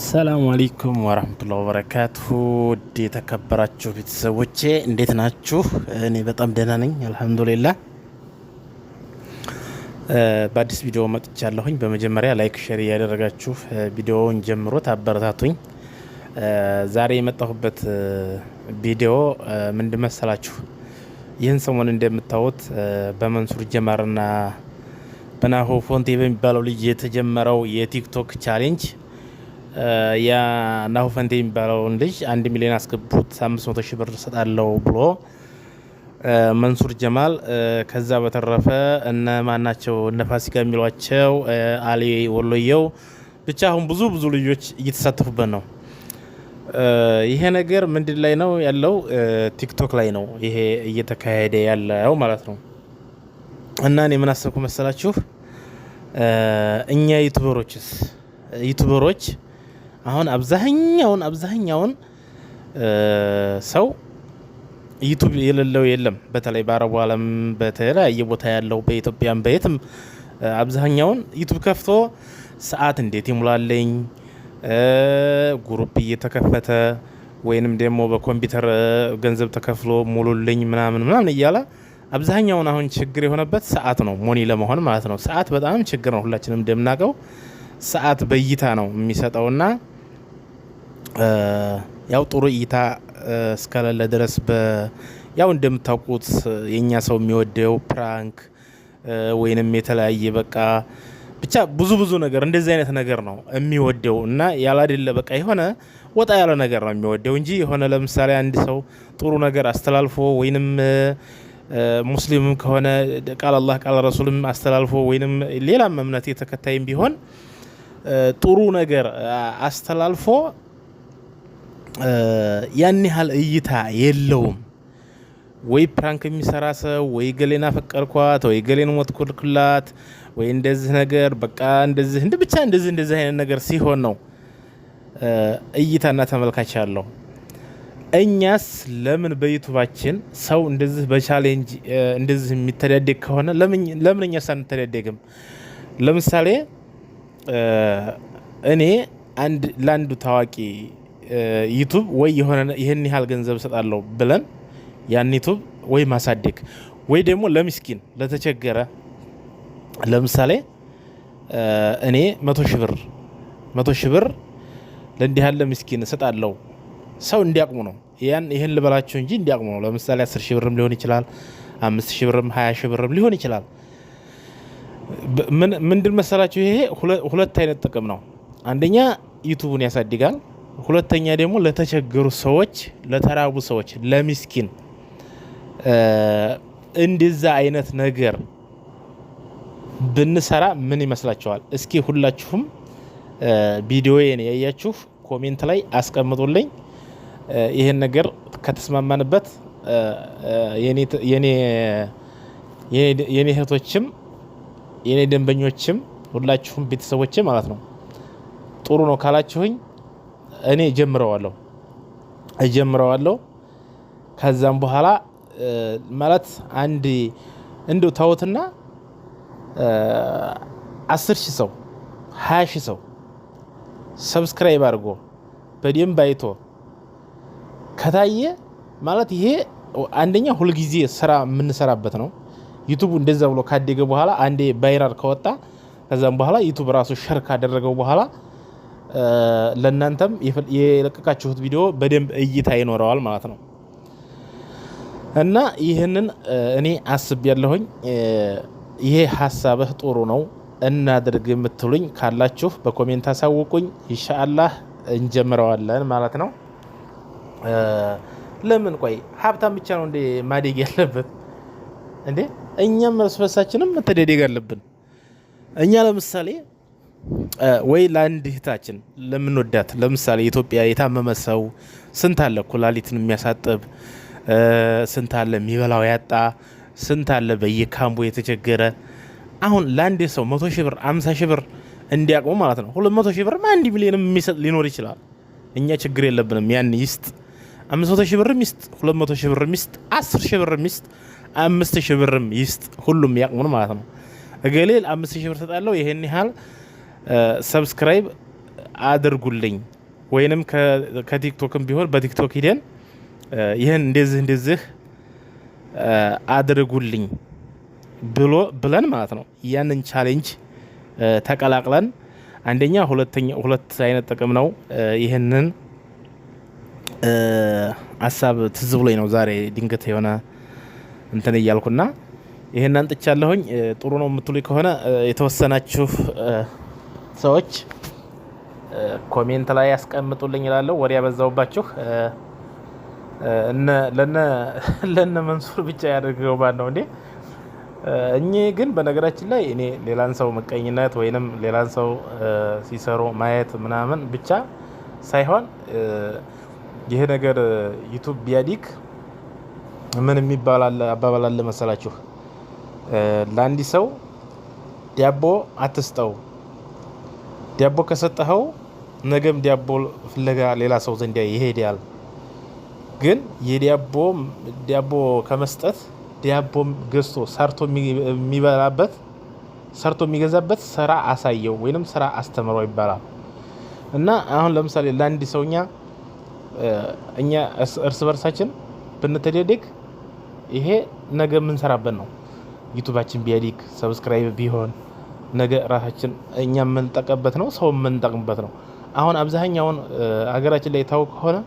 ሰላም አለይኩም ወራህመቱላሂ ወበረካቱሁ ውድ የተከበራችሁ ቤተሰቦቼ እንዴት ናችሁ? እኔ በጣም ደህና ነኝ አልሐምዱሊላህ። በአዲስ ቪዲዮ መጥቻለሁኝ። በመጀመሪያ ላይክ፣ ሼር እያደረጋችሁ ቪዲዮውን ጀምሮት አበረታቱኝ። ዛሬ የመጣሁበት ቪዲዮ ምንድን መሰላችሁ? ይህን ሰሞን እንደምታዩት በመንሱር ጀማርና በናሆ ፎንቴ በሚባለው ልጅ የተጀመረው የቲክቶክ ቻሌንጅ ፈንቴ የሚባለውን ልጅ አንድ ሚሊዮን አስገቡት አምስት መቶ ሺህ ብር ሰጣለው ብሎ መንሱር ጀማል። ከዛ በተረፈ እነ ማናቸው እነ ፋሲካ የሚሏቸው አሊ ወሎየው ብቻ አሁን ብዙ ብዙ ልጆች እየተሳተፉበት ነው። ይሄ ነገር ምንድን ላይ ነው ያለው? ቲክቶክ ላይ ነው ይሄ እየተካሄደ ያለው ማለት ነው። እና እኔ ምን አሰብኩ መሰላችሁ? እኛ ዩቱበሮችስ ዩቱበሮች አሁን አብዛኛውን አብዛኛውን ሰው ዩቱብ የሌለው የለም። በተለይ በአረቡ ዓለም በተለያየ ቦታ ያለው በኢትዮጵያም በየትም አብዛኛውን ዩቱብ ከፍቶ ሰዓት እንዴት ይሙላለኝ ጉሩፕ እየተከፈተ ወይንም ደግሞ በኮምፒውተር ገንዘብ ተከፍሎ ሙሉልኝ ምናምን ምናምን እያለ አብዛኛውን አሁን ችግር የሆነበት ሰዓት ነው። ሞኒ ለመሆን ማለት ነው። ሰዓት በጣም ችግር ነው። ሁላችንም እንደምናውቀው ሰዓት በእይታ ነው የሚሰጠውና ያው ጥሩ እይታ እስካላለ ድረስ ያው እንደምታውቁት የእኛ ሰው የሚወደው ፕራንክ ወይንም የተለያየ በቃ ብቻ ብዙ ብዙ ነገር እንደዚህ አይነት ነገር ነው የሚወደው እና ያላደለ በቃ የሆነ ወጣ ያለ ነገር ነው የሚወደው እንጂ የሆነ ለምሳሌ አንድ ሰው ጥሩ ነገር አስተላልፎ ወይንም ሙስሊምም ከሆነ ቃል አላህ ቃል ረሱልም አስተላልፎ ወይንም ሌላም እምነት የተከታይም ቢሆን ጥሩ ነገር አስተላልፎ ያን ያህል እይታ የለውም። ወይ ፕራንክ የሚሰራ ሰው ወይ ገሌን አፈቀርኳት ወይ ገሌን ሞትኩልኩላት ወይ እንደዚህ ነገር በቃ እንደዚህ እንደ ብቻ እንደዚህ እንደዚህ አይነት ነገር ሲሆን ነው እይታና ተመልካች አለው። እኛስ ለምን በዩቱባችን ሰው እንደዚህ በቻሌንጅ እንደዚህ የሚተዳደግ ከሆነ ለምን እኛስ አንተዳደግም? ለምሳሌ እኔ ለአንዱ ታዋቂ ዩቱብ ወይ የሆነ ይህን ያህል ገንዘብ እሰጣለሁ ብለን ያን ዩቱብ ወይ ማሳደግ ወይ ደግሞ ለምስኪን ለተቸገረ ለምሳሌ እኔ መቶ ሺህ ብር መቶ ሺህ ብር ለእንዲህ ያለ ምስኪን እሰጣለሁ። ሰው እንዲያቅሙ ነው ያን ይህን ልበላቸው እንጂ እንዲያቅሙ ነው። ለምሳሌ አስር ሺህ ብርም ሊሆን ይችላል፣ አምስት ሺህ ብርም ሀያ ሺህ ብርም ሊሆን ይችላል። ምንድን መሰላችሁ ይሄ ሁለት አይነት ጥቅም ነው። አንደኛ ዩቱቡን ያሳድጋል። ሁለተኛ ደግሞ ለተቸገሩ ሰዎች፣ ለተራቡ ሰዎች፣ ለሚስኪን እንደዛ አይነት ነገር ብንሰራ ምን ይመስላችኋል? እስኪ ሁላችሁም ቪዲዮዬን ያያችሁ ኮሜንት ላይ አስቀምጡልኝ። ይህን ነገር ከተስማማንበት የኔ እህቶችም የኔ ደንበኞችም ሁላችሁም ቤተሰቦች ማለት ነው ጥሩ ነው ካላችሁኝ እኔ ጀምረዋለሁ እጀምረዋለሁ ከዛም በኋላ ማለት አንድ እንዶ ታወትና አስር ሺህ ሰው ሀያ ሺህ ሰው ሰብስክራይብ አድርጎ በደንብ አይቶ ከታየ ማለት ይሄ አንደኛ ሁልጊዜ ስራ የምንሰራበት ነው። ዩቱቡ እንደዛ ብሎ ካደገ በኋላ አንዴ ቫይራል ከወጣ ከዛም በኋላ ዩቱብ ራሱ ሸር ካደረገው በኋላ ለእናንተም የለቀቃችሁት ቪዲዮ በደንብ እይታ ይኖረዋል ማለት ነው። እና ይህንን እኔ አስብ ያለሁኝ ይሄ ሀሳብህ ጥሩ ነው እናድርግ የምትሉኝ ካላችሁ በኮሜንት አሳውቁኝ። ኢንሻአላህ እንጀምረዋለን ማለት ነው። ለምን ቆይ ሀብታም ብቻ ነው እንዴ ማደግ ያለበት እንዴ? እኛም እርስ በርሳችንም መተደደግ አለብን። እኛ ለምሳሌ ወይ ለአንድ እህታችን ለምንወዳት ለምሳሌ ኢትዮጵያ የታመመ ሰው ስንት አለ፣ ኩላሊትን የሚያሳጥብ ስንት አለ፣ የሚበላው ያጣ ስንት አለ፣ በየካምቦ የተቸገረ አሁን ለአንድ ሰው መቶ ሺህ ብር አምሳ ሺህ ብር እንዲያቅሙ ማለት ነው። ሁለት መቶ ሺህ ብርም አንድ ሚሊዮንም የሚሰጥ ሊኖር ይችላል። እኛ ችግር የለብንም። ያን ይስጥ፣ አምስት መቶ ሺህ ብርም ይስጥ፣ ሁለት መቶ ሺህ ብርም ይስጥ፣ አስር ሺህ ብርም ይስጥ፣ አምስት ሺህ ብርም ይስጥ። ሁሉም ያቅሙን ማለት ነው። እገሌል አምስት ሺህ ብር ሰጣለሁ ይህን ያህል ሰብስክራይብ አድርጉልኝ ወይንም ከቲክቶክም ቢሆን በቲክቶክ ሂደን ይህን እንደዚህ እንደዚህ አድርጉልኝ ብሎ ብለን ማለት ነው ያንን ቻሌንጅ ተቀላቅለን አንደኛ ሁለት አይነት ጥቅም ነው። ይህንን ሀሳብ ትዝ ብሎኝ ነው ዛሬ ድንገት የሆነ እንትን እያልኩና ይህን አንጥቻለሁኝ። ጥሩ ነው የምትሉ ከሆነ የተወሰናችሁ ሰዎች ኮሜንት ላይ ያስቀምጡልኝ እላለሁ። ወሬ ያበዛውባችሁ ለነ መንሱር ብቻ ያደርገው ማን ነው እንዴ? እኚህ ግን በነገራችን ላይ እኔ ሌላን ሰው ምቀኝነት ወይንም ሌላን ሰው ሲሰሩ ማየት ምናምን ብቻ ሳይሆን ይሄ ነገር ዩቱብ ቢያዲክ ምን የሚባል አባባል አለ መሰላችሁ? ለአንድ ሰው ዳቦ አትስጠው ዳቦ ከሰጠኸው ነገም ዲያቦ ፍለጋ ሌላ ሰው ዘንድ ይሄዳል። ግን የዳቦ ዳቦ ከመስጠት ዲያቦ ገዝቶ ሰርቶ የሚበላበት ሰርቶ የሚገዛበት ስራ አሳየው ወይም ስራ አስተምረው ይባላል። እና አሁን ለምሳሌ ለአንድ ሰውኛ እኛ እርስ በርሳችን ብንተደደግ ይሄ ነገ የምንሰራበት ነው። ዩቱባችን ቢያድግ ሰብስክራይብ ቢሆን ነገ ራሳችን እኛ የምንጠቀምበት ነው፣ ሰው የምንጠቅምበት ነው። አሁን አብዛኛውን ሀገራችን ላይ ታወቅ ከሆነ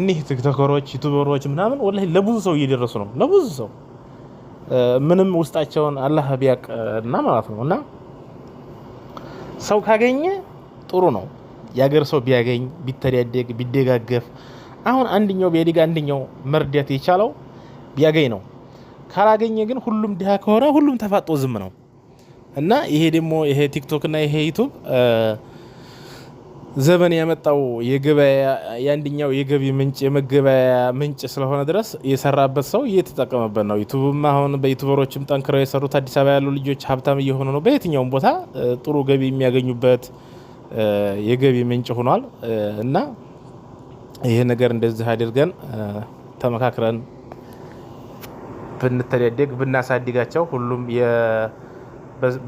እኒህ ቲክቶከሮች፣ ዩቱበሮች ምናምን ወላሂ ለብዙ ሰው እየደረሱ ነው፣ ለብዙ ሰው ምንም ውስጣቸውን አላህ ቢያቅ እና ማለት ነው እና ሰው ካገኘ ጥሩ ነው። የሀገር ሰው ቢያገኝ ቢተዳደግ ቢደጋገፍ። አሁን አንደኛው ቢያድግ አንደኛው መርዳት የቻለው ቢያገኝ ነው። ካላገኘ ግን ሁሉም ድሃ ከሆነ ሁሉም ተፋጦ ዝም ነው። እና ይሄ ደግሞ ይሄ ቲክቶክ እና ይሄ ዩቱብ ዘመን ያመጣው የገበያ የአንደኛው የገቢ ምንጭ የመገበያ ምንጭ ስለሆነ ድረስ የሰራበት ሰው እየተጠቀመበት ነው። ዩቱብም አሁን በዩቱበሮችም ጠንክረው የሰሩት አዲስ አበባ ያሉ ልጆች ሀብታም እየሆኑ ነው። በየትኛውም ቦታ ጥሩ ገቢ የሚያገኙበት የገቢ ምንጭ ሆኗል እና ይህ ነገር እንደዚህ አድርገን ተመካክረን ብንተዳደግ ብናሳድጋቸው ሁሉም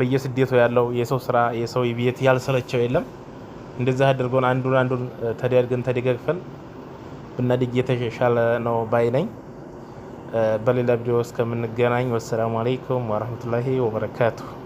በየስደቱ ያለው የሰው ስራ የሰው ቤት ያልሰለቸው የለም። እንደዛ አድርጎን አንዱን አንዱን ተደርገን ተደጋግፈን ብናድግ የተሻለ ነው ባይ ነኝ። በሌላ ቪዲዮ እስከምንገናኝ ወሰላሙ አለይኩም ወረህመቱላሂ ወበረካቱሁ።